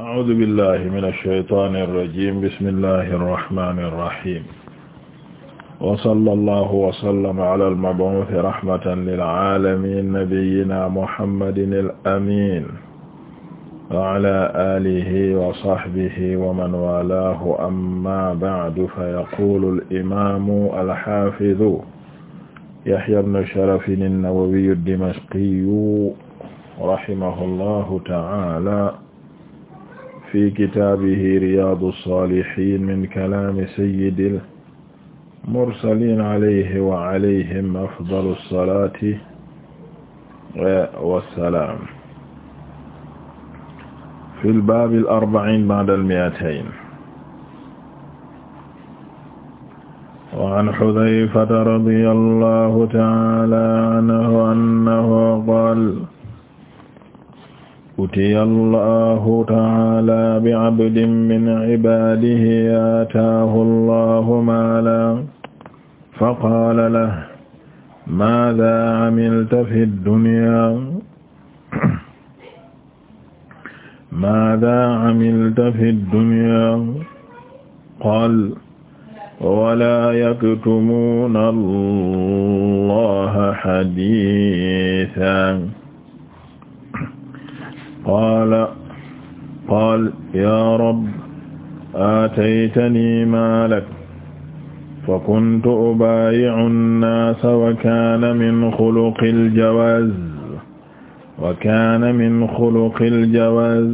أعوذ بالله من الشيطان الرجيم بسم الله الرحمن الرحيم وصلى الله وسلم على المبعوث رحمة للعالمين نبينا محمد الأمين وعلى آله وصحبه ومن والاه أما بعد فيقول الإمام الحافظ يحيى بن شرف النووي الدمشقي رحمه الله تعالى fi kitaabihi riyaadu saalihiin min kalaami sayyidil mursaliin alayhi wa alayhim afdalu salaati wa salaam. fil baabil arba'iin ba'dal mi'atayn. wa an Hudayfata radiyallaahu ta'aalaa anhu annahu qaala utiya allahu taala bi abdin min cibaadihi aataahu allahu maalan faqaala lahu maadaa camilta fi dunya maadaa camilta fi dunya qaala walaa yaktumuuna allaha hadiisan qaala qaal yaa rab aataytanii maalak fa kuntu ubaayi'u nnaasa wa kaana min xuluqi aljawaaz wa kaana min xuluqi aljawaaz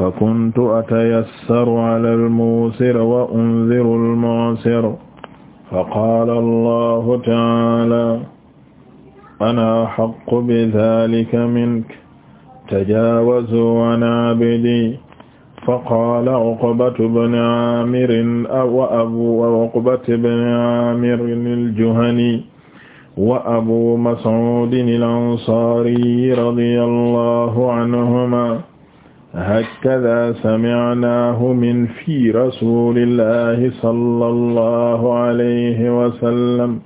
fa kuntu atayassaru ala almuusir wa unziru almu'sir fa qaala allahu ta'aala ana axaqqu bidaalika minka tajaawazuu an abdi faqaala uqbatu bni aamirin wa abu uqbatu bni aamirin al-juhani wa abu mas'uudin al-ansaari radiyallaahu anhumaa hakazaa sami'naahu min fi rasuulillaahi sallallaahu alayhi wa sallam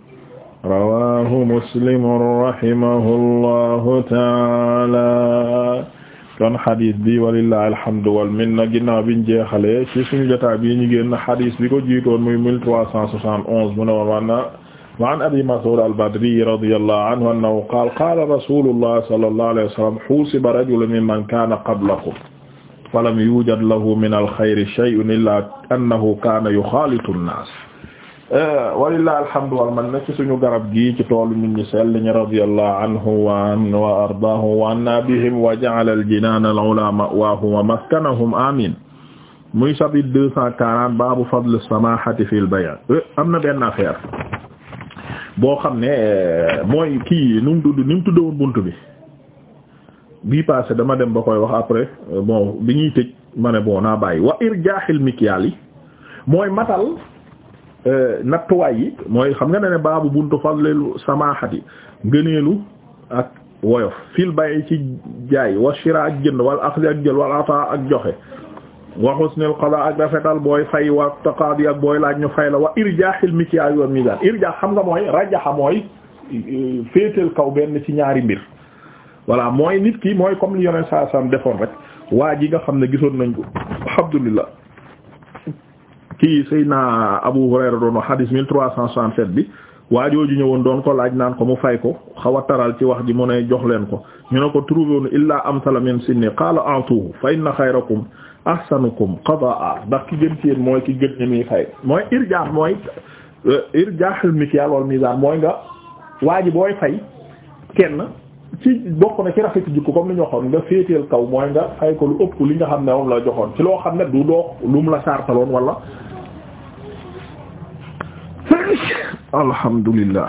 rawahu muslimun rahimahullahu taala kon xadis bi walillahi alhamdu wal minna ginnaaw biñ jeexalee ci suñu jotaay bi ñu génn xadis bi ko jiitoon muy mille trois cent soixante onze mu ne woon wa an abi mas'ud al-badri radiyallahu anhu annahu qaala qaala rasulullah sallallahu alayhi wa sallam husiba rajulun mimman kaana qablakum falam yujad lahu min al-khayri shay'un illa annahu kaana yukhalitu an-naas Eh, walillahi alhamdu man minna ci suñu garab gi ci tool nit ñi sell ñi wa an wa ardaahu wa anna bihim wa ja'ala al-jinana al-ula wa maskanahum amin muy chapitre deux cent quarante baabu fadl as-samahati fil eh, am na benn affaire boo xam ne eh, mooy kii nu mu tudd ni bunt bi bii passé dama dem ba koy wax après bi ñuy tëj ma ne bon naa bàyyi wa irjahil mikyal yi mooy matal Euh, nattuwaay yi mooy xam nga ne ne baabu buntu fadlelu samahati ngëneelu ak woyof fil bay ci jaay wa shira ak jënd wal axdi ak jël wal ata ak joxe wa husnul ak rafetal booy fay wa taqadi ak booy laaj ñu fay la wa irjahil mikyal wal mizan irjah xam nga mooy rajaxa mooy euh, féetal kaw benn ci ñaari mbir voilà mooy nit ki mooy comme li yoneen saa sam defoon rek waa ji nga xam ne gisoon nañ ko alhamdulillah kii Seydina Abu Hurayra doon wax hadis trois cent soixante-sept bi waajooju ñëwoon doon ko laaj naan ko mu fay ko xaw a taral ci wax ji mu ne jox leen ko ñu ne ko trouvé woon illaa amsala min sinni qaala a'tuhu fa inna xayrakum ahsanukum qadaa ndax ki gën ci yéen mooy ki gën ñi muy fay mooy irjaax mooy euh, irjaaxul mikyal wal mizaan mooy nga waa ji booy fay kenn ci bokk na ci rafet jikko comme li ñu nga féeteel kaw mooy nga fay ko lu ëpp li nga xam ne moom la joxoon ci loo xam ne du doo lu mu la sartaloon wala alhamdulillah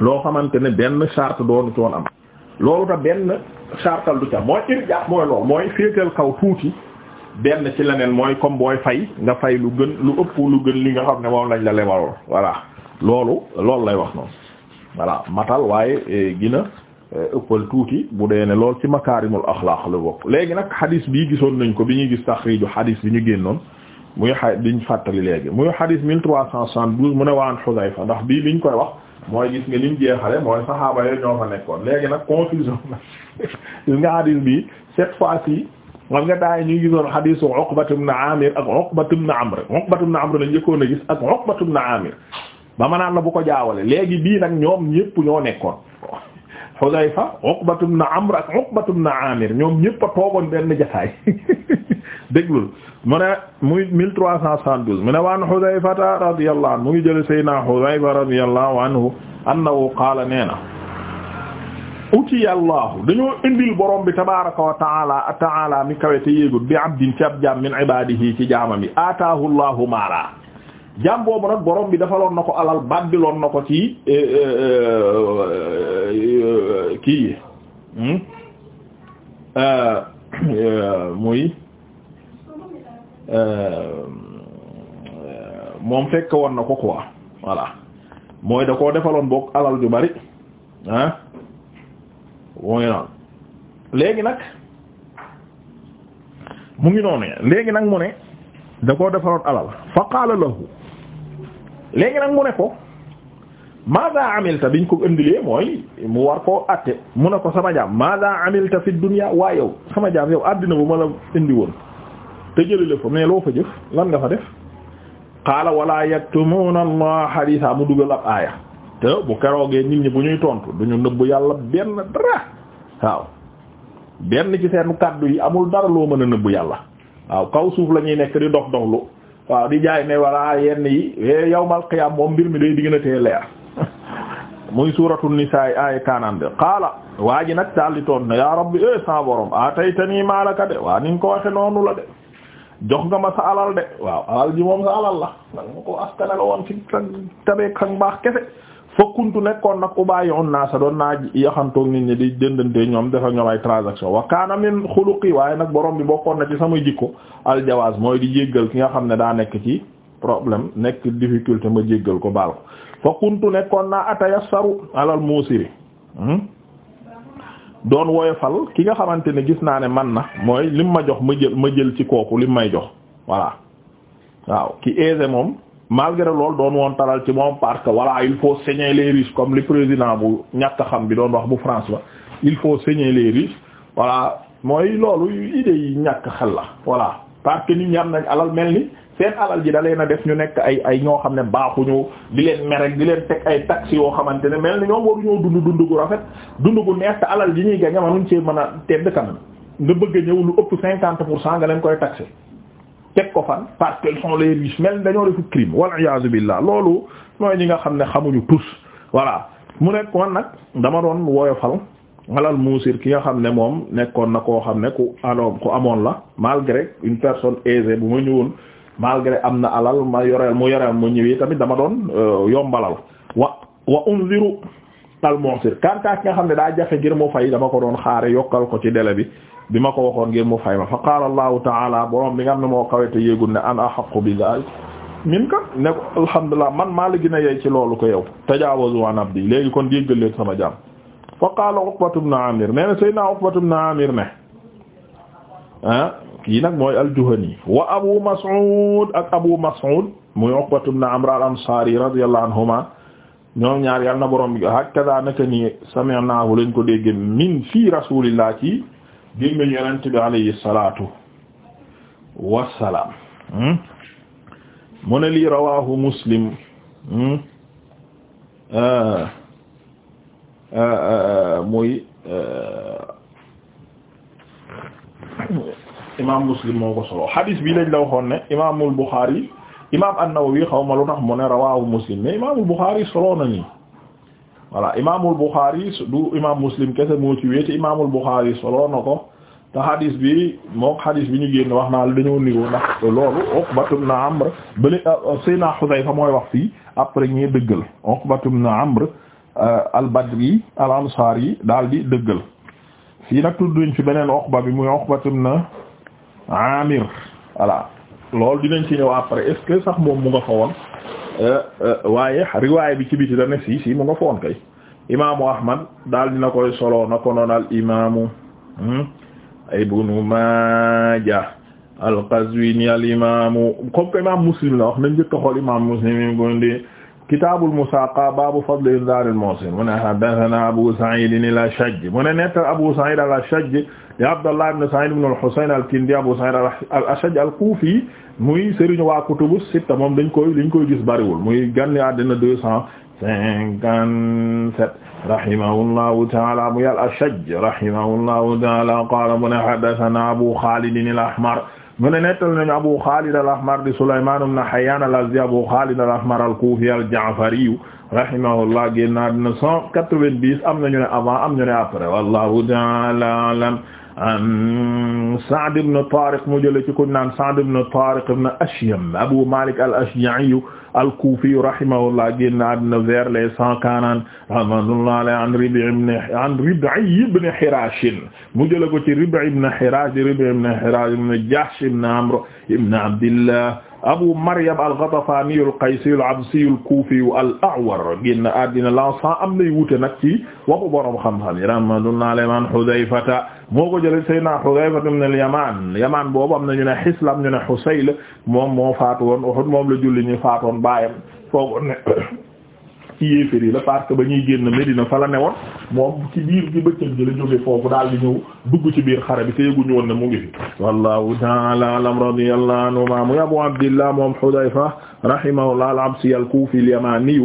loo xamante ne benn charte doonu ci am loolu ta benn chartal du ca mooy irjaat mooy loolu mooy féeteel kaw tuuti benn ci leneen mooy comme booy fay nga fay lu gën lu ëpp lu gën li nga xam ne moom lañ la lebaloon voilà loolu loolu lay wax noonu voilà matal waaye eh, gina eh, ëppal tuuti bu dee ne lool ci makaarimul axlaaq la bokk léegi nag xadis bii gisoon nañ ko bi ñuy gis taxriiju xadis bi ñu génnoon muy xa biñ fàttali léegi muy xadis mille trois cent soixante-douze mu ne waan Xudayfa ndax bii biñ koy wax mooy gis nga lim jeexale mooy saxaaba yooyu ñoo fa nekkoon léegi nag confusion na gis nga xadis bi set fois-ci xam nga daay ñu gisoon xadisu Uqbatu ibn Amir ak Uqbatu ibn Amr Uqbatu ibn Amr lañ njëkkoon a gis ak Uqbatu na Amir ba ma naan la bu ko jaawale léegi bii nag ñoom ñépp ñoo nekkoon Hudayfa Uqbatu ibn Amr ak Uqbatu ibn Amir ñoom ñépp a toogoon benn jataay déglul mu ne muy mille trois cent soixante-douze mu ne waan Hudayfata radiyallahu anhu mu ngi jële Seydina Hudayfa radiyallahu anhu annahu qaala nee na utiya Allahu dañoo indil borom bi tabaraka wa taala taala mi kawete yéegul bi abdin ci ab jaam min ibadihi ci jaamam yi ataahu Allahu maala jaam boobu nag borom bi defaloon na ko alal baddiloon na ko ci eh, eh, eh, kii yi hmm? muy moom fekk woon na ko quoi voilà mooy da koo defaloon book alal ju bari ah mu ngi léegi nag mu ngi noonu léegi nag mu ne da koo defaloon alal fa qaala lahu léegi nag mu ne ko maada amilta biñ ko indilee mooy mu war ko atte mu ne ko sama jaam maada amilta fi dunya waa yow sama jaam yow àddina bu ma la indi woon te jëlale fa mais loo fa jëf lan nga fa def qaala wala yaktumuna allah haditha mu dugal ab aaya te bu keroogee nit ñi bu ñuy tontu duñu nëbb yàlla benn dara waaw benn ci seen kàddu yi amul dara loo mën a nëbb yàlla waaw kaw suuf la ñuy nekk di dox doxlu waaw di jaay ne walla yenn yi é yawmal qiyaam moom mbir mi day diggantee leer muy suuratu nisaa ay kaanaan de qaala waa ji nag daal di toon ne yaa rabbi e sa de waa ni ko waxe noonu la de jox nga ma de waaw alal ji moom la danga ma ko askanela woon ci sa tabeeg sa kese fa kuntu nekkoon nag naa sa doon naa yaxantoog nit ñi di dëndante ñoom dafa ñoom ay transaction wa kaana min xuluqi waaye nag borom bi bokkoon na ci sama jikko aljawaaz mooy di jéggal ki nga xam ne daa nekk ci problème nekk difficulté ma jéggal ko baal ko fa nekkoon naa atayassaru alal muusiri hmm? doon woyofal ki nga xamante ne gis naa ne man na mooy lim ma jox ma jël ma jël ci kooku lim may jox voilà waaw ki aisé moom malgré loolu doon woon taral ci moom parce que voilà il faut saigner les riches comme le président bu ñàkk xam bi doon wax bu France la il faut saigner les riches voilà mooy loolu idée yi ñàkk xel la voilà parce que nit ñi am nañ alal mel ni seen alal ji da leen a def ñu nekk ay ay ñoo xam ne baaxuñu di leen merek di leen teg ay taxes yoo xamante ne mel ni ñoom waruñoo dund dund gu rafet dund gu neex te alal ji ñuy gañe manuñ see mën a tedd kanam nga bëgg a ñëw lu ëpp cinquante pour cent nga leen koy taxer teg ko fan parce qu'ils sont les riches mel dañoo defu crime wal iyaazu billah loolu mooy ñi nga xam ne xamuñu tous voilà mu nekkoon nag dama doon woyofal alal muusir ki nga xam ne moom nekkoon na koo xam ne ku amoon ku amoon la malgré une personne aisée bu ma ñëwoon malgré am na alal ma yoreel mu yoreel mu ñëwee tamit dama doon euh, yombalal wa wa unziru al muusir kantaak nga xam ne daa jafe ngir mu fay dama ko doon xaare yokkal ko ci délai bi bi ma ko waxoon ngir mu fay ma fa qaala allahu taala borom bi nga moo kawete yéegul ne an ahaqu bi zalik min ka ne ko man maa la gën a yey ci loolu ko yow tajaawazu an abdi léegi kon jéggal leen sama jaam fa qaala uqbatu ibn amir nee na sayyidina uqbatu amir ne ah kii nag mooy al-Juhani wa abu mas'ud ak abu mas'ud muy uqbatu ibn amr al-ansari radiyallahu anhuma ñoom ñaar yàlla na borom bi hakada naka ni sami'nahu lañ ko dégg gémmiñ yonent bi alayhi salaatu wassalaam mu ne lii rawaahu muslim muy imaam muslim moo ko solo hadis bi lañ la waxoon ne imaamul buxaari imaam an-Nawawi xaw ma lu tax mu ne rawaahu muslim mais imaamul buxaari solo na nii voilà imaamul buxaari du imaam muslim kese moo ci wéete imaamul buxaari solo na ko. te xadis bi mook xadis bi ñu génn wax naa la dañoo niroo ndax loolu Uqbatum na Amr bële euh, Seyna Xudayfa mooy wax fii après ñee dëggal Uqbatum na Amr euh, al-Badri al yi daal di dëggal fii nag tudd nañ fi beneen Uqba bi muy Uqbatum na Amir voilà loolu dinañ ci ñëw après est-ce que sax moom mu nga fa woon euh, waaye riwaay bi ci biti dana si si mu nga fa woon kay imaamu Ahmad daal dina koy solo na ko noon al imaamu hmm? ibnu Maaja al-Qazwini al-imaamu comme que imaam Muslim la wax nañ njëkk a xool imaam Muslim yi gondi kitaabul musaaqa baabu fadli inzaaril muhsin mu ne haddasanaa Abu Sa'iid al-Ashajj mu ne nett Abu Sa'iid al-Ashajj di Abdallah ibn Sa'iid ibn al-Husayn al-Kindi Abu Sa'iid al-Ashajj al-Kuufi muy sëriñ waa kutubu sitta moom dañ koy liñ koy gis bariwul muy ganni àddina deux cent cinquante-sept rahimahullahu taala mu yàl ashaj rahimahullahu taala qaala mu ne haddathana abu xaalid al-ahmar mu ne nettal nañu abu xaalid al-ahmar di sulaymaan ibn hayyaan al-azdi abu xaalid al-ahmar al-kuufi al-ja'fari rahimahullah génn na cent quatre-vingt-dix am nañu ne avant am nañu ne après wallahu taala alam an Sa'd ibn Tariq mu jëlee ci ku ñu naan Sa'd ibn Tariq ibn Ashyam Abu Malik al-Ashja'i al-Kufi rahimahullah génn àddina vers les cent quarante rahmatullah alayhi an Rib'i ibn an Rib'i ibn Hirash mu jëlee ko ci Rib'i ibn Hirash Rib'i ibn Hirash ibn Jahsh ibn Amr ibn Abdillah Abu Maryam al-Ghatafani al-Qaysi al-Absi al-Kufi al-A'war génn àddina la cent am nay wute nag ci waxu borom xam-xam yi rahmatullahi alayhi man Hudhayfata moo ko jëlee Seydina Hudhayfa ibn al-Yaman Yaman boobu am na ñu ne Hisl am ñu ne Husayl moom moo faatu woon Uhud moom la julli ñu faatoon baayam foogoon ne ci yéefér yi la parce ba ñuy génn Medina fa la newoon moom ci biir ci bëccëg ji la jóge foofu daal di ñëw dugg ci biir xare bi te yëguñu woon ne mu ngi fi wallahu ta'ala alam radiyallahu anhu ma muy Abu Abdillah moom Hudayfa rahimahullah al-Absi al-Kufi al-Yamani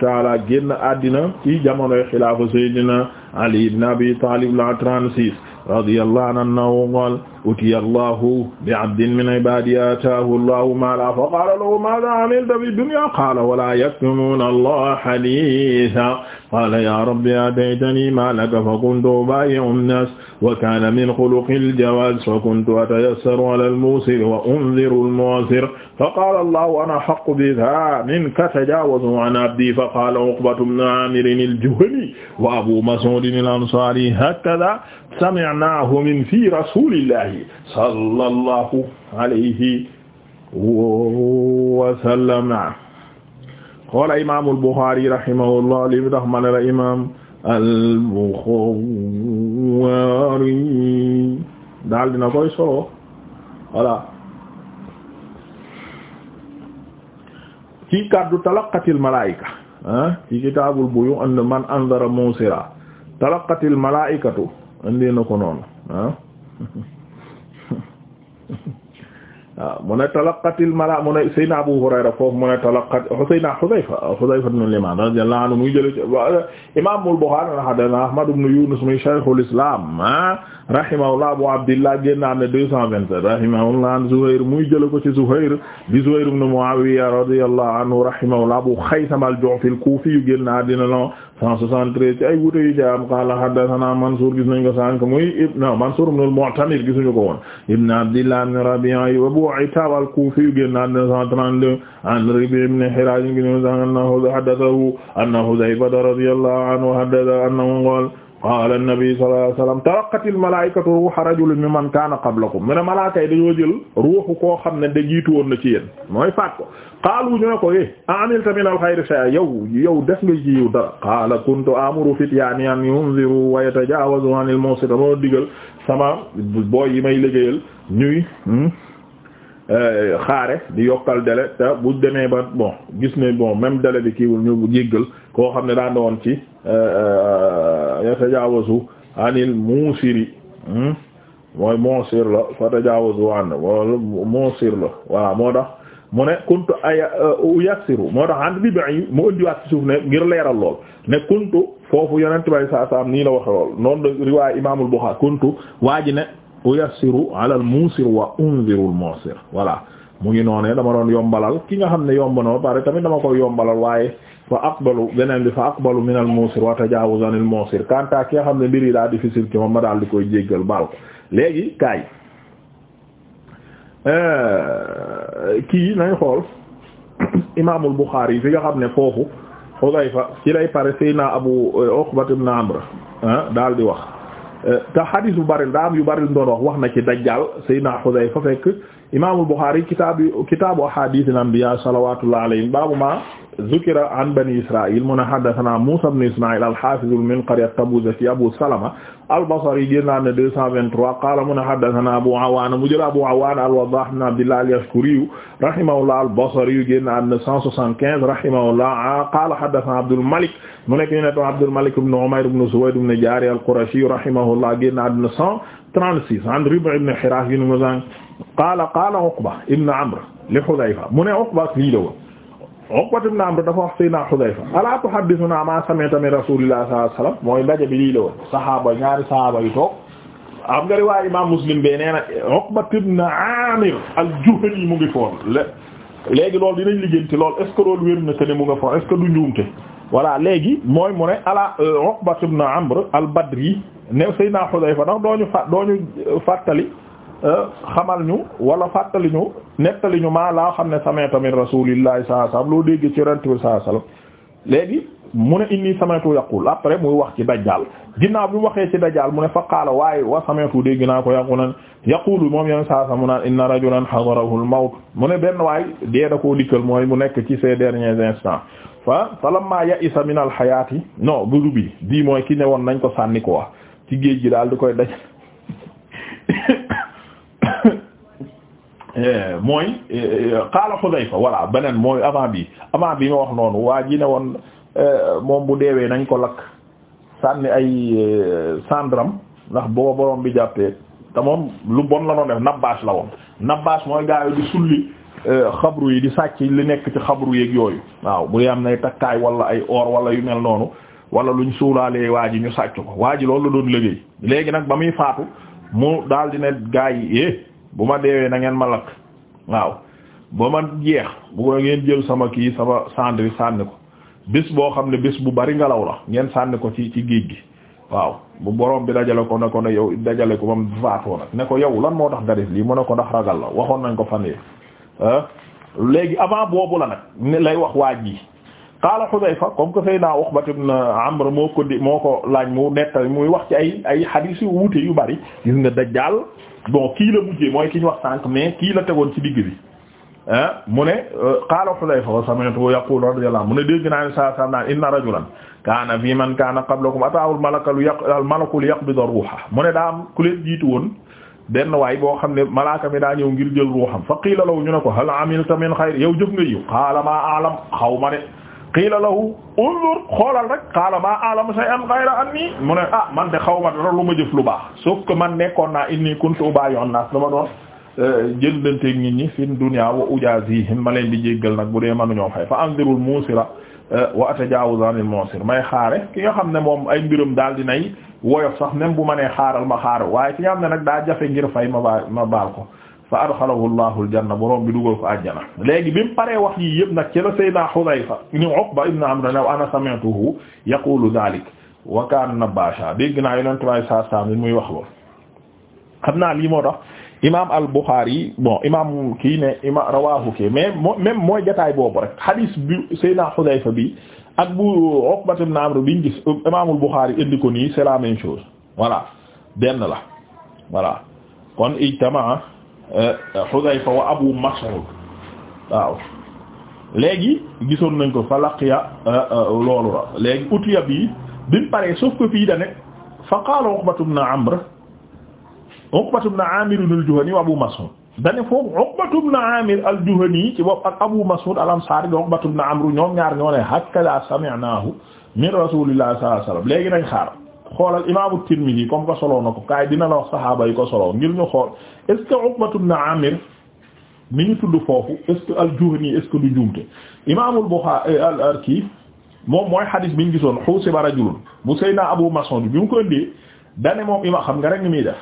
ta'ala génn àddina ci jamonoy xilaafa Seydina Ali ibn Abi Talib la 36 radiyallahu anhu utiya allahu bi abdin min ibadihi ataahu allahu maala fa qaala lahu maada amilta fi dunya qaala wala yaktumuna allah haditha qaala ya rabbi ataytani maalaka fa kuntu ubaayi'u nnaas wa kaana min xuluqi aljawaaz fa kuntu atayassaru ala almuusir wa unziru almu'sir fa qaala allahu ana ahaqqu bihaa minka tajaawazu an abdii fa qaala uqbatu bnu aamirin aljuhani wa abu mas'uudin al-ansaari hakadaa sami'naahu min fi rasuulillahi rasulullahi sallallahu alayhi wa sallama xoola imaamul Buxaari rahimahullah li mu tax ma ne la imaam al-Buxaari daal dina koy solo voilà ci kàddu talaqatil malaayika ah ci kitaabul buyu and man andara muusira talaqatil malaayikatu andi na ko noonu ah waaw mu ne talaqatil mala mu ne Seydina Abu Hurayra foofu mu ne talaqat Seydina Hudayfa Hudayfa ibn al-Yaman radiyallahu anhu muy jële ci Imaamul Bukhari haddathana Ahmad ibn Yunus muy shaykhul islam rahimahullah Abu Abdillah génn am ne deux cent vingt-sept rahimahullah an Zuhair muy jële ko ci Zuhair bi Zuhair ibn Muawiya radiyallahu anhu rahimahullah Abu Khaytham al-Ju'fi al-Kufi génn àddina 173 ci ay wute yu jaam qala haddathana Mansour gis nañ ko sànq muy ibn Mansour ibn al-Mu'tamir gisuñu ko woon ibn Abdillah ibn Rabi'a Abu Attab al-Kufi génn na 132 an Rabi' ibn Hiraj gis nañ ko sànq annahu haddathahu anna Hudhayfa radiyallahu anhu haddatha annahu qala qaala an-nabi sallallahu alayhi wasallam talaqqatil malaa'ikatu ruuha rajulin mimman kaana qablakum mu ne malaaka yi dañoo jël ruuxu koo xam ne da jiitu woon na ci yéen mooy faat ko qaalu ñu ne ko eh a'amilta min al-khayri shay'an yow yow def nga ci yiw dara qaala kuntu amuru fityaani an yunziru wa yatajaawazu anil mawsita moo digal sama booy yi may liggéeyal ñuy hmm, Euh, xaare di yokkal délai te bu demee ba bon gis ne bon même délai bi kiiwul ñu bu jéggal ko xam ne daan woon ci euh, yatajaawazu anil muusiri hmm? mooy muusir la fa tajaawazu an wala muusir la waa moo tax mu ne kuntu aya euh, yassiru moo tax ànd bi bi mu ëndiwaat ci suuf ne ngir leeral lool ne kuntu foofu yonent bay saa nii la wax lool noonu la riwaay imaamul Buxaari kuntu waa ji ne uyassiru ala al muusir wa unziru al muusir voilà mu ngi noonee dama doon yombalal ki nga xam ne yomb na ba pare tamit dama koy yombalal waaye fa aqbalu beneen bi fa aqbalu min al muusir wa tajawuzan al muusir kanta ki nga xam ne mbir yi daa difficile ci moom ma daal di koy jéggal baal ko léegi kaay euh, kii nañ xool imaamul Buxaari fi nga xam ne foofu Xudayfa ci lay pare Seydina Abu Uqbat ibn ah, daal di wax te xadis bu bari daa am yu bari doon wax wax na ci dajjal Seydina Xudayfa fekk imaamul Buxaari kitaabu kitaabu ahaadiisil anbiyaa salawaatullaahi alayhim baabu maa zukira an bani Israa'iil mu ne haddasanaa Muusaa ibn Ismaa'iil al-Haafizul Minqari at-Tabuuzaki Abuu Salama al-Basri génn na 223 qaala mu ne haddasanaa Abuu Awaana mu jël Abuu Awaana al-Waddaah ibn Abdillah al-Yashkuri rahimahullah al-Basri génn na 175 rahimahullah qaala haddasanaa Abdul Malik mu nekk ñu ne Abdul Malik ibn Umayr ibn Suwayd ibn Jaariya al-Qurashi rahimahullah génn na 136 an Rib'i ibn Hiraas qaala qaala Uqba ibn Amr li Hudayfa mu ne Uqba lii la woon Uqba ibn Amr dafa wax Seydina Hudayfa alaa tuhaddithunaa maa sami'ta min Rasuulillah sallallahu alayhi wa sallam mooy ndaje bi lii la woon saxaaba ñaari saxaaba yu toog am nga riwaaya Imaam Muslim bee nee na Uqba ibn Amir al-Juhani mu ngi foon léegi loolu dinañ liggéeyante loolu est ce que loolu wér na que ne mu nga foon est ce que du njuumte voilà léegi mooy mu ne ala euh, Uqba ibn Amr al-Badri ne Seydina Hudayfa ndax dooñu fa dooñu fàttali xamal ñu wala fàttali ñu nettali ñu ma laa xam ne sami'tu min rasulillahi sallallahu alayhi wasallam loo dégg ci yonent bi sallallahu alayhi wasallam léegi mu ne inni sami'tu yaqul wax ci dajjal ginnaaw bi mu waxee ci dajjal mu ne fa qaala waaye wa sami'tu dégg naa ko yaqulan yaqulu moom yonent sallallahu alayhi wasallam mu naan inna rajulan hadarahu al-mawt mu ne benn waay dee ko koo dikkal mooy mu nekk ci ces derniers instant fa falamma ya'isa min al-hayati non budu bi dii mooy ki ne woon nañ ko sànni ko wax ci géej gi daal di koy daj Eh, mooy eh, eh, qaala Xudayfa voilà beneen mooy avant bii avant bi ma wax noonu waa ji ne woon moom bu deewee nañ ko lakk sànni ay sandram ndax boo borom bi jàppee te moom lu bon la doon def nabbaas la woon nabbaas mooy gaa yi di sulli xabru yi di sàcc li nekk ci xabru yeeg yooyu waaw bu dee am nay takkaay wala ay or wala yu mel noonu wala luñ suulaalee waa ji ñu sàcc ko waa ji loolu la doon liggéey léegi nag ba muy faatu mu daal di ne gaa yi bu ma deewee na ngeen ma lakk waaw ba ma jeex bu ko ngeen jël sama kii sama cendre sànni ko bis boo xam ne bis bu bari ngelaw la ngeen sànni ko ci ci géej gi waaw bu borom bi dajale ko ne ko ne yow dajale ko ba mu faatoo ne ko yow lan moo tax nga def lii mu ne ko ndax ragal la waxoon nañ ko fan ah léegi avant boobu la nag ne lay wax waaj yi qaala Hudayfa comme que fay naa Uqbat na Amr moo ko di moo ko laaj mu nettali muy wax ci ay ay xadiis yu wuute yu bari gis nga Dajjaal bon kii la mujjee mooy ki ñu wax sànq mais kii la tegoon ci digg bi ah mu ne euh, qaala Hulayfa wa sami'tu yaqulu radiyallahu mu ne dégg naa ne saa saa naan inna rajulan kaana fii man kaana qablakum ataahu al-malaku liyaqbida ruuha mu ne daa am ku leen jiitu woon benn waay boo xam ne malaaka mi daa ñëw ngir jël ruuxam fa qiila law ñu ne ko hal amilta min xayr yow jëf nga yiw qaala maa a'lam xaw ma de qiila lahu unzur xoolal rek qaala maa a'lamu shay'an ghayra anni mu ne ah man de xaw ma dara lu ma jëf lu baax sauf que man nekkoon naa inni kuntu ubaayi'u naas dama doon eh, jëndanteeg nit ñi fi dunya wa ujaazihim ma leen di jéggal nag bu dee manu ñoo fay fa anzirul muusira eh, wa atajaawaz anil muusir may xaare ki nga xam ne moom ay mbirum daal di nay woyof sax même bu ma nee xaaral ma xaaral waaye ki nga xam ne nag daa jafe ngir fay ma baal ma baal ko fa adxalahu llahu aljanna borom bi dugal ko àjjana léegi bi mu paree wax yi yëpp nag ci la sayyidina Hudayfa ni Uqba ibn Amr ne ana sami'tuhu yaqulu dhalik wa kaana nabbasha dégg naa yonent bi sallallahu alayhi wasallam muy wax lool xam naa lii moo tax imam al-Bukhari bon imam kii ne ima rawahu kii mais même mooy jataay boobu rek hadis bi sayyidina Hudayfa bi ak bu Uqba ibn Amr biñ gis imam al-Bukhari indi ko nii c'est la même chose voilà benn la voilà kon ijtamaa Hudayfa euh, wa Abu Mas'ud waaw léegi gisoon nañ ko fa laqiya euh, euh, loolu la léegi utiya bi bimu paree sauf que fii da ne fa qaala Uqbatu ibn Amr Uqbatu ibn Amir al-Juhani wa Abu Mas'ud dane foofu Uqbatu ibn Amir al-Juhani ci bopp ak Abu Mas'ud al-Ansari da Uqbatu ibn Amr ñoom ñaar ñoo ne hakada sami'nahu min Rasulillahi sallallahu alayhi wasallam léegi nañ xaar xoolal imaamu Tirmidhi comme ko soloo na ko kaay dina la wax saxaaba yi ko soloo ngir ñu xool est ce que Uqbatu mi ñu tudd foofu est ce que du juumte imaamul Bukhari eh, al-Arki moom mooy xadis bi ñu gisoon husiba rajulun bu Seydina Abu Mas'ud bi mu ko indee dane moom ima xam nga rek ni muy def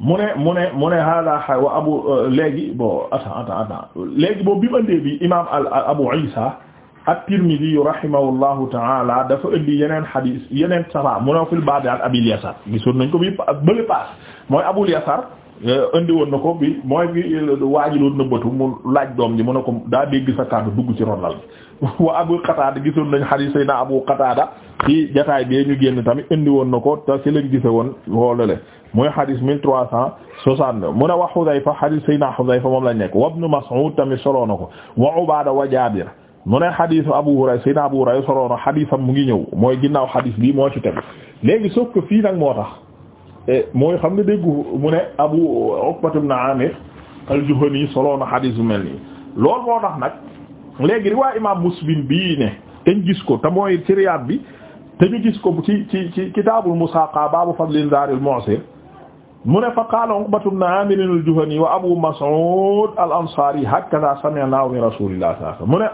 mu ne mu ne mu ne hada wa abu euh, léegi bon attends attends attends léegi boobu bi mu indee bi imaam al Abu Isa at-Tirmidhi rahimahullahu ta'ala dafa indi yeneen xadiis yeneen safa mu ne fil baabi an Abil Yasar gisoon nañ ko bi bële paas mooy Abul Yasar eh, indi woon na ko bi mooy bi eh, waajiloon nëbbatu mu laaj doom ji mu ne ko daa dégg sa dugg ci ronal wa Abu Qatada gisoon nañ xadiis yi na Abu Qatada ci jataay bee ñu génn tamit indi woon na ko te ci lañ gise woon woolale mooy xadis mille trois cent soixante mu ne wa Hudayfa xadis Seydina Hudayfa moom lañ nekk wa Ibnu Mas'ud tamit solo na ko wa Ubaada wa mu ne xadisu Abu Hurayra sayna Abu Hurayra soloona xadisam mu ngi ñëw mooy ginnaaw xadis bi moo ci tegu léegi sauf que fii nag moo tax eh, mooy xam nga déggu mu ne Abu Uqbat ibn Amir al-Juhani soloona xadis bu mel nii loolu moo tax nag léegi riwaay imam Muslim bii ne te ñu gis ko te mooy ci Riyaad bi te ñu gis ko ci ci ci kitaabul Musaaqa baabu fadli inzaaril mu'sir mu ne fa qaala Uqbatu bnu Aamir al-Juhani wa Abu Mas'ud al-Ansaari hakaza sami'naa min Rasuulillah sallallahu alayhi wa sallam mu ne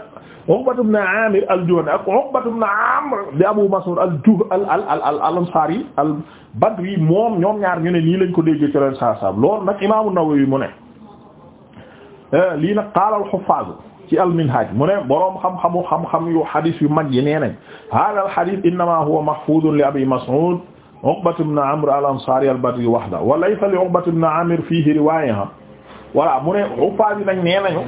Uqbatu bnu Aamir al-Juhani ak Uqbatu bnu Amr di Abu Mas'ud al-Ansaari al-Badri moom ñoom ñaar ñu ne nii lañ ko déggee ci leen saa saa loolu nag Imaamu Nawawi mu ne. Eh, lii nag qaala al-huffaaz ci al-Minhaaj mu ne boroom xam-xamu xam-xam yu hadiis yu mag yi nee nañ haazal hadiis innamaa huwa mahfuuzun li Abi Mas'ud Uqbat ibn Amr al-Ansari al-Badri wahda wa laysa li Uqbat ibn Amir fihi riwaaya voilà mu ne Uqba bi nag nee nañu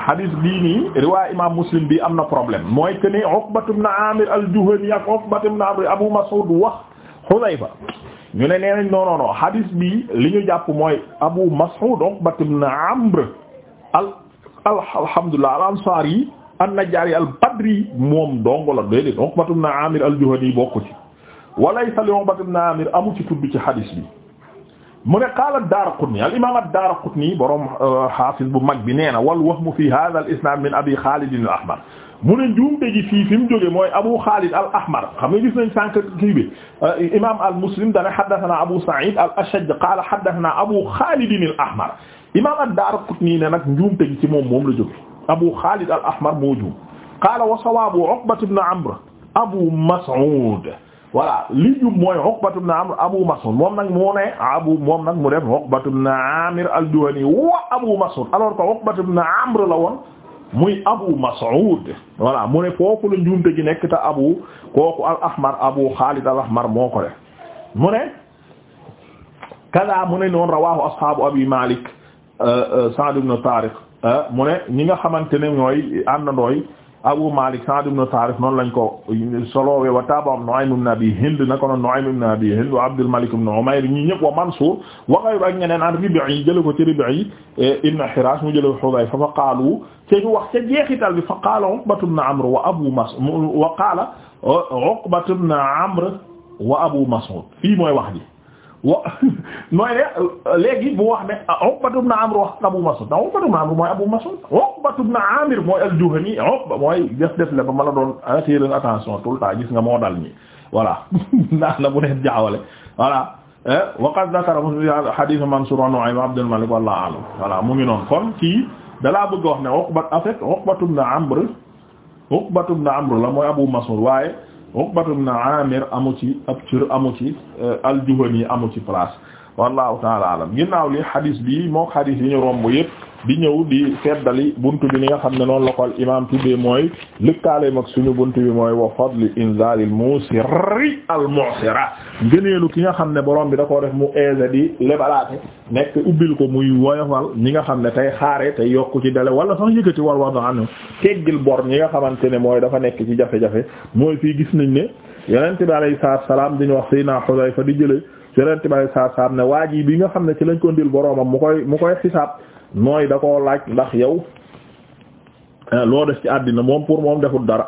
hadis bii nii riwaaya imaam Muslim bi am na problème mooy que ni Uqbat ibn Amir al-Juhani ak Uqbat ibn Amr Abu Mas'ud wax Hudayfa ñu ne nee nañ non non non hadis bii li ñu jàpp mooy Abu Mas'ud Uqbat ibn Amr al alhamdulillah al-Ansari an-Najjari al-Badri moom dong la déedéet Uqbat ibn Amir al-Juhani bokku ci. walaysa li Uqbat ibn Amir amu ci tudd ci hadis bi mu ne qaala ad-Daaraqutni al-imaam ad-Daaraqutni borom euh, xaafis bu mag bi nee na wal wahmu fi haadha al-isnaad min Abi Xaalid al-Ahmar mu ne njuumte gi fii fi mu jóge mooy Abu Xaalid al-Ahmar xam nga gis nañ sànq kii bi euh, imaam al-Muslim dana haddathanaa Abu Sa'iid al-Ashajj qaala haddathanaa Abu Xaalid al-Ahmar imaam ad-Daaraqutni ne nag njuumte gi ci moom moom la jóge Abu Xaalid al-Ahmar moo juum qaala wa sawaabu Uqbat ibn Amr Abu Mas'uud voilà li jub mooy Abu Mas'ud moom nag mu ne Abu moom nag mu def Uqbatu ibn Amir al-Juhani wa Abu Mas'ud alors que Uqbatu ibn muy Abu Mas'ud voilà mu ne foofu la njuumte gi nekk te Abu kooku al-Ahmar Abu Khalid al-Ahmar moo ko def mu ne kada mu ne noon rawahu ashabu Abi Malik euh, euh, Sa'd ibn Tariq euh, mu ne ñi nga xamante ne ñooy àndandooy Abu Malik Sa'd ibn Tarif noonu lañ ko soloowe wa tabaam Nu'aym ibn Abi Hind naka noonu Nu'aym ibn Abi Hind wa Abdul Malik ibn Umayr ñi ñëpp wa Mansur wa ghayru ak ñeneen an Rib'i jële ko ci Rib'i e, ibn Hirash mu jële Hudayfa fa qaalu te ñu wax ca jeexital bi fa qaala Uqbatu ibn Amr wa Abu Mas'ud wa qaala Uqbatu ibn Amr wa Abu Mas'ud fii mooy wax ji wa mooy ne euh, léegi bu wax ne ah, Uqbatu ibn Amr wax Abu Mas'ud da Uqbatu ibn Amr mooy doon attirer gis nga moo dal ñi voilà bu leen jaawale voilà eh, wa qad dhakara hadith Mansur an Nu'aym Abdul Malik Abu Mas'ud waaye Uqbatu ibn Amir amu ci ab cër amu ci euh, al-Juhani amu ci place wallahu taala alam ginnaaw li hadis bi mook hadis yi ñu romb yëpp di ñëw di seddali buntu bi ni nga xam ne noonu la ko al imam tuddee mooy lëkkaaleem ak suñu bunt bi mooy wa fadli inzalil muusiri al muusira ngëneelu ki nga xam ne boroom bi da koo def mu aise di lebalaate nekk ubbil ko muy woyofal ñi nga xam ne tey xaare tey yokku ci dale wala sax yëkkati war war na am teggil bor ñi nga xamante ne mooy dafa nekk ci jafe-jafe mooy fii gis nañ ne yonent bi alayhi salaatu salaam di ñu wax sayna Xudayfa di jëlee yonent bi alayhi salaatu ne waa ji bi nga xam ne ci lañ ko ndil boroomam mu koy mu koy xisaab mooy da koo laaj ndax yow ah, loo def ci àddina moom pour moom deful dara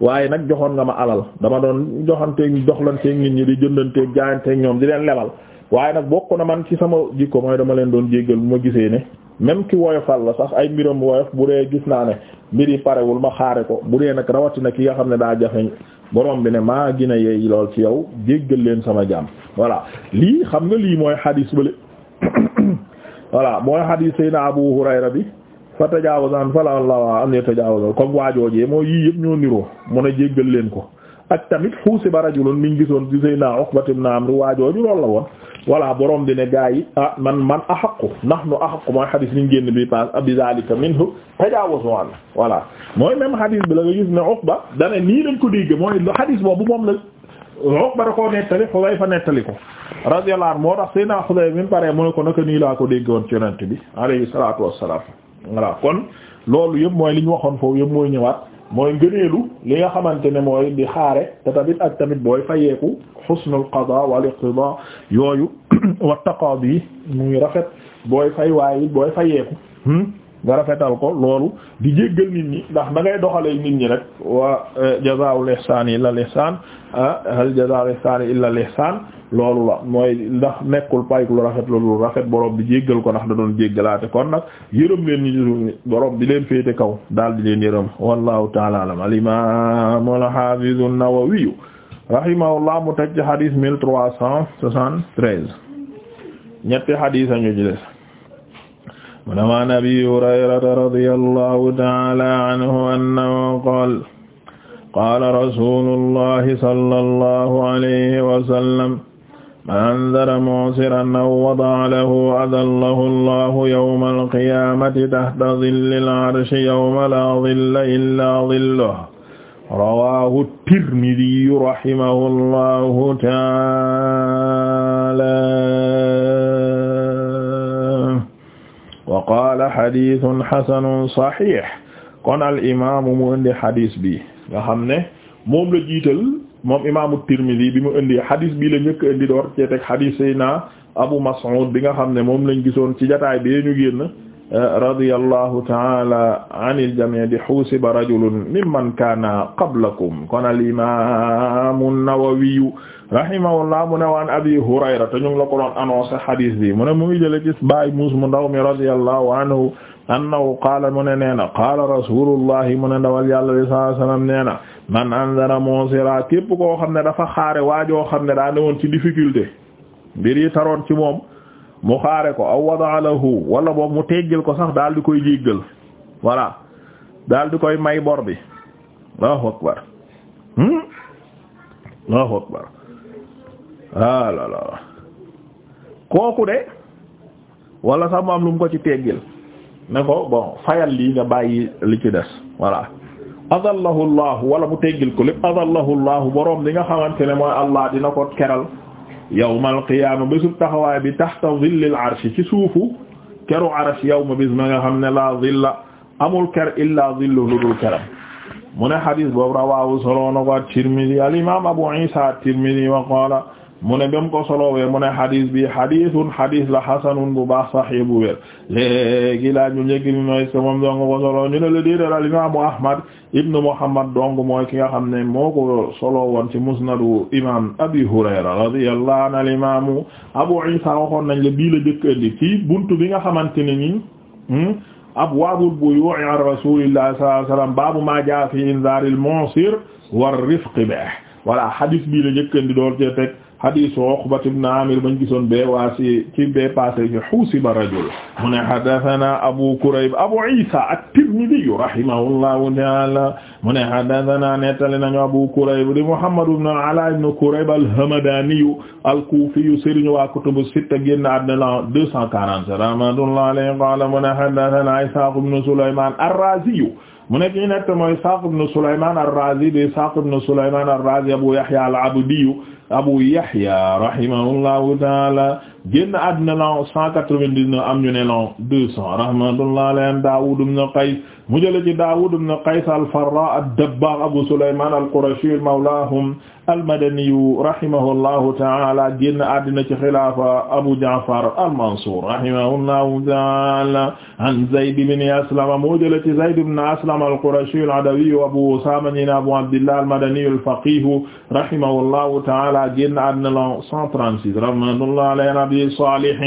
waaye nag joxoon nga ma alal dama doon joxanteeg joxlanteeg nit ñi di jëndanteeg jaayanteeg ñoom di leen lebal waaye nag bokk na man ci sama jikko mooy dama leen doon jéggal mu ma gisee ne même ki woyofal la sax ay mbiram woyof bu dee gis naa ne mbir yi parewul ma xaare ko bu dee nag rawatina ki nga xam ne daa jafe borom bi ne maa gina yeey lool ci yow jéggal leen sama jaam voilà lii xam voilà mooy hadith sayna Abu Hurayra bi fa tajaawuzan fala Allah an yatajaawaza comme waajoojee mooy yii yëpp ñoo niroo mën a jéggal leen ko ak tamit husiba rajulun mi ngi gisoon ci sayna Uqbat ibn Amr waajooju loolu la woon voilà borom bi ne gaa ah man man ahaqu nahnu ahaqu mooy xadis liñ génn bi pass abi zalika minhu tajaawazu an voilà mooy même xadis bi la nga gis ne Uqba dane nii lañ ko dégg mooy xadis boobu moom la Uqba da koo nettali Xudayfa nettali ko radiyallahu anhu moo tax Seydina Xudayfa min pare mu ne ko naka nii laa ko déggoon ci Yonent bi alayhi salaatu wassalaam voilà kon loolu yëpp mooy li ñu waxoon foofu yëpp mooy ñëwaat mooy ngëneelu li nga xamante ne mooy di xaare te tamit ak tamit booy fayeeku xusnul qadaa wal iqtidaa yooyu wa taqaadi muy rafet booy fay waaye booy fayeeku hmm? nga rafetal ko loolu di jéggal nit ñi ndax da ngay doxalee nit ñi rek wa eh, jazaa'ul ihsaan illa ah, al ihsaan hal jazaa'ul ihsaan illa al loolu la mooy ndax nekkul payk lu rafet lu rafet borom bi jéggal ko ndax da doon jéggalaate kon nag yërëm leen ñi borom bi leen féete kaw daal di leen yërëm wallahu ta'ala alam al imam al hafiz an-Nawawi rahimahullah mu teg ci hadis mille trois cent soixante-treize ñetti hadis añu ci des mu ne maan abi hurayrata radiyallahu taala anhu annahu qaala qaala rasulullahi sallallahu alayhi wa sallam man anzara mu'siran aw wada'a lahu adallahu allahu yawma alqiyamati tahta dhillil arshi yawma laa dhilla illaa dhilluhu rawahu tirmidi rahimahu allahu taala wa qaala xadiisun xasanun saxiix kon al imaamu mu indi xadis bi nga xam ne moom la jiital moom imaamu Tirmidi bi mu indi xadis bi la njëkk indi door cee teg xadis Seydina Abu Mas'ud bi nga xam ne moom lañ gisoon ci jotaay bi ñu génn radiyallahu ta'ala anil jamii' di xuusiba rajulun mimman kaana qablakum kon al imaamu Nawawi rahimahullah mu ne waan abi hurayra te ñu la ko doon annoncé hadis bi mu ne mu ngi jële baay muus mu ndaw mi radiyallahu anhu annahu qaala mu ne nee na qaala mu ne ndawal yàlla li sallallahu alayhi nee na man anzara mu'sira képp koo xam ne dafa xaare waajoo xam ne daa newoon ci difficulté mbir yi taroon ci moom mu xaare ko aw wada'a lahu wala boog mu teggil ko sax daal di koy jéggal voilà daal di koy may bor bi Allahu akbar hmm? Allahu akbar ah la la kooku de wala sax mu am lu mu ko ci teggil ne ko bon fayal lii nga bàyyi li ci des voilà adallahu llahu wala mu teggil ko lépp adallahu llahu boroom li nga xamante ne mooy allah dina ko keral yawmal qiyaama bésub taxawaay bi taxta zillil arshi ci suufu keru arsh yawma bis ma nga xam ne la zilla amul ker illa zillu lu dul keram mu ne xadiis boobu rawaahu soloona ko at-Tirmidi al imam Abu Isa at-Tirmidi wa qaala mu ne bam ko solowee mu ne xadis bi xadisun xadis la xasanun bu baax saxih bu wér léegi laaj bu njëkk bi mooy si moom dong ko solo ñu ne la déedéet al imaamu ahmad ibnu muhammad dong mooy ki nga xam ne moo ko solo woon ci musnadu imam abi hurayra radiyallahu anhu al imaamu abu isa waxoon nañ la bii la jëkk indi ci buntu bi nga xamante ne ni hmm, abwaabul buyuu' an rasuulillahi sallallahu alayhi wasallam baabu maa jaa fi inzaaril mu'sir war rifqi bihi voilà xadis bii la jëkk indi dool ci teg hadisu Uqbat ibn Amir bañ gisoon bee waasi ci bee passé ci husiba rajul mu ne hadathana Abu Kurayb Abu Isa at-Tirmidhi rahimahullahu ta'ala mu ne hadathana nettali nañu Abu Kurayb di Muhammad ibn Ala ibn Kurayb al-Hamadani al-Kufi sëriñ waa kutubu sitta génn àddina la 247 rahmatullahi alayhi qala mu ne hadathana Ishaq ibn Sulayman ar-Razi mu nekk ñu nett mooy Ishaq ibn Sulayman ar-Razi di Ishaq ibn Sulayman ar-Razi Abu Yahya al-Abdi Abu Yahya rahimahullahu taala génn àddina la 199 am ñu ne la 200 rahmatullah alayhi Daawud ibn Qays mu jële ci Daawud ibn Qays al-Farra ad-Dabbagh Abu Sulaymaan al-Qurashi mawlaahum al-Madaniyu rahimahullahu ta'ala génn àddina ci xilaafa Abu Ja'far al-Mansuur rahimahullahu ta'ala an Zayd ibn Aslama mu jële ci Zayd ibn Aslama al-Qurashi al-Adawiyu Abu Usaama ibn Abu Abdillah al-Madaniyu al-faqiihu rahimahullahu ta'ala génn àddina la 136 rahmatullahi alayhi Abi Saalih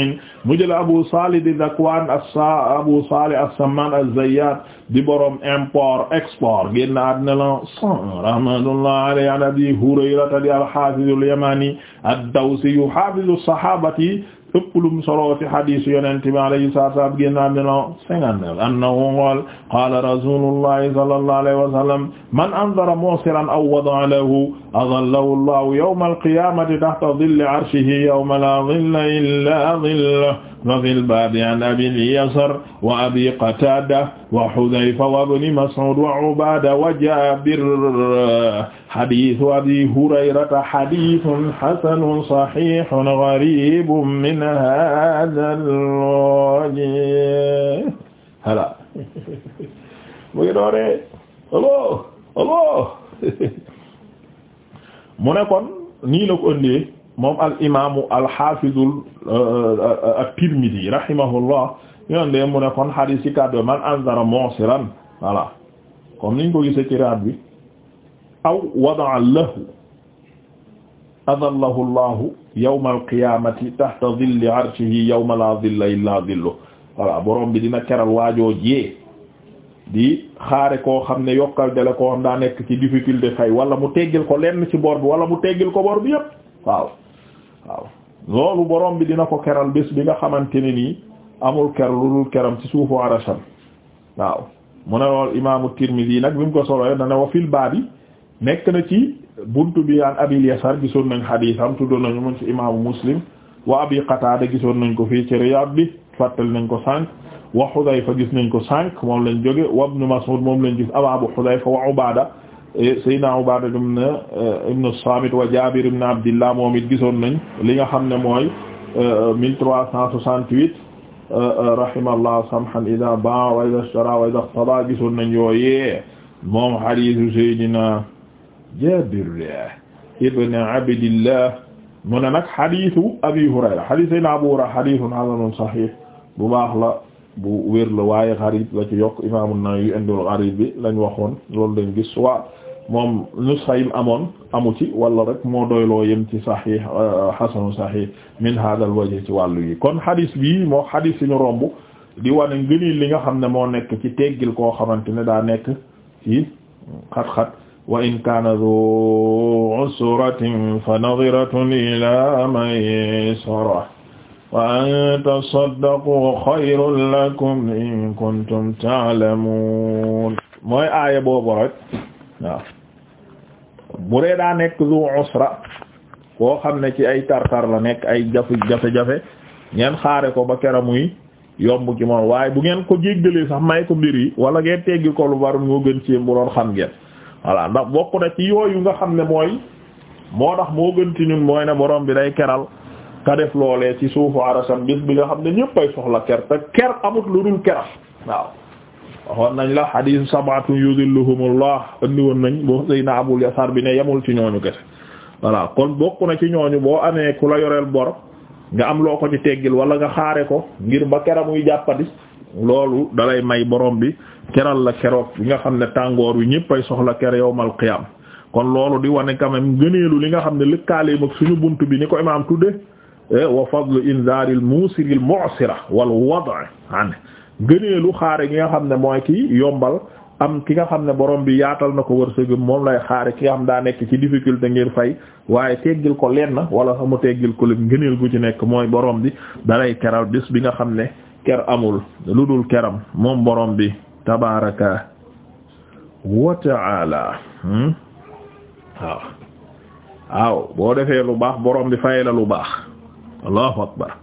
mu jële Abu Saalih di Dhakwaan as-Sa Abu Saalih as-Sammaan az-Zayyaat di borom import export génn àddina la cent rahmatullah alayhi an abi hurayrata di al-hafiz al-yamani ad-dawsi yu hafizu sahabati ëpp lum solo ci hadis yonent bi alayhi salaam génn àddina la cinquante-neuf annahu qaala qaala rasulullahi sallallahu alayhi wa sallam man anzara mu'siran aw wada'a lahu adallahu allahu yawma al-qiyamati tahta dhilli arshihi yawma la dhilla illa dhilluhu wa fil baabi an abil yasar wa abi qatada wa hudayfa wa ibni mas'ud wa ubada wa jabir hadithu abi hurayrata hadithun hasanun sahihun gharibun min hadhal wajh hala mu ngi dooree allo allo mu ne kon nii la ko ëndee moom al imaamu al at-Tirmidi euh, euh, rahimahullah ñoon de mu ne kon xadis ci kàddu man anzara mu'siran voilà comme niñ ko gisee ci raad aw wada'a lahu adallahu llahu yawma alqiyamati tahta dhilli arshihi yawma la illa dhilluhu voilà borom bi dina keral waajoo jee di xaare koo xam ne yokkal dele koo xam daa nekk ci difficulté wala mu teggil ko lenn ci bor bi wala mu teggil ko bor bi waaw loolu borom bi dina ko keral bés bi nga xamante ne nii amul ker lu dul keram ci suufu arasam waaw mu ne lool imaamu nag bi mu ko solo dana wa fil baabi nekk na ci buntu bi an abil yasar gisoon nañ xadiisam tuddoon nañu mun ci imaamu muslim wa abi qataada gisoon nañ ko fii ci riyaad bi fàttali nañ ko sànq wa xudayfa gis nañ ko sànq moom lañ jóge wa ibnu mas'ud moom lañ gis abaabu xudayfa wa ubaada Seydina Ubaada ibn eh, ibn Saamit wa Jaabir ibn Abdillah moom it gisoon nañ li nga xam ne mooy eh, mille trois cent soixante-huit eh, rahimahullah samhan idaa baa'a wa idaa ishtaraa wa idaa iqtadaa gisoon nañ yooyee moom hadiisu Seydina Jaabir ibn Abdillah mu ne nag hadiisu Abii Hurayra hadiisu Seydina Abu Hurayra hadiisun hasanun sahiih bu baax la bu wér la waaye xarib la ci yokk imaamu Nawawi indul xarib bi lañ waxoon loolu dañ gis waa moom nusxa yim amoon amu ci wala rek moo doyloo yem ci sahih euh, hasanu sahih min hadha al wajh ci wàllu yi kon hadis bi moo hadis suñu romb di wane ngënil li nga xam ne moo nekk ci teggil koo xamante ne daa nekk ci xat-xat wa in kaana du usratin fa nadiratun ila maysara wa an tasaddaqu xayrun lakum in kuntum ta'lamuun mooy aaya boobu rek waaw bu dee daa nekk lu usra koo xam ne ci ay tartar la nekk ay jafe jafe-jafe ngeen xaare ko ba kera muy yomb ci moom waaye bu ngeen ko jéggalee sax may ko mbir yi wala ngeen teggi ko lu bari moo gën ci bu doon xam ngeen voilà ndax bokk na ci yooyu nga xam ne mooy moo tax moo gën ci ñun mooy ne borom bi day keral te def loolee ci suufu arasam bis bi nga xam ne ñëppay soxla ker te ker amut lu dul keram waaw waxoon nañ la hadith sab'atun yuzilluhumullah andi woon nañ boo Seydina Abul Yasar bi ne yemul ci ñooñu kese voilà kon bokk na ci ñooñu boo amee ku la yoreel bor nga am loo ko ci teggil wala nga xaare ko ngir ba keram muy jàppandi loolu dalay may borom bi keral la keroog bi nga xam ne tàngoor wi ñëppay soxla ker yawmal qiyaam kon loolu di wane quand même Eh, wa fadlu inzari al muusiri al mu'sira wal wad' xaare gi nga xam ne mooy ki yombal am ki nga xam ne borom bi yaatal na ko war wërsëgëm moom lay xaare ki nga xam daa nekk ci difficulté ngir fay waaye teggil ko leen na wala sax mu teggil ko leen gëneel gu ci nekk mooy borom bi dalay keral bis bi nga xam ne ker amul lu dul keram moom borom bi tabaraka wa ta'ala hmm? waaw waaw boo defee lu baax borom bi fay la lu baax allahu akbar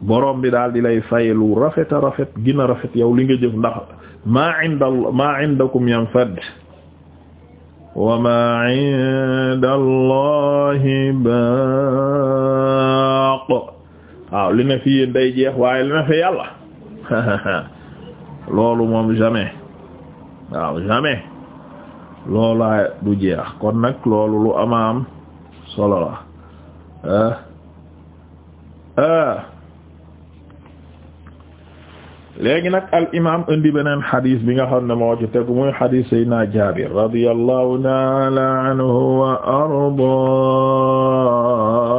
borom bi daal di lay fayelu rafet rafet gina rafet yow li nga jëf ndax maa inda maa indakum wa maa inda allahi baaq waaw li na fi yéen day jeex waaye fi yàlla loolu moom jamais waaw jamais loolaa du jeex kon nag loolu lu amaam solo Ah. léegi nag al imaam indi beneen xadis bi nga xam ne moo ci tegu muy xadis Seydina Jaabir radiyallahu ta'ala anhu wa arda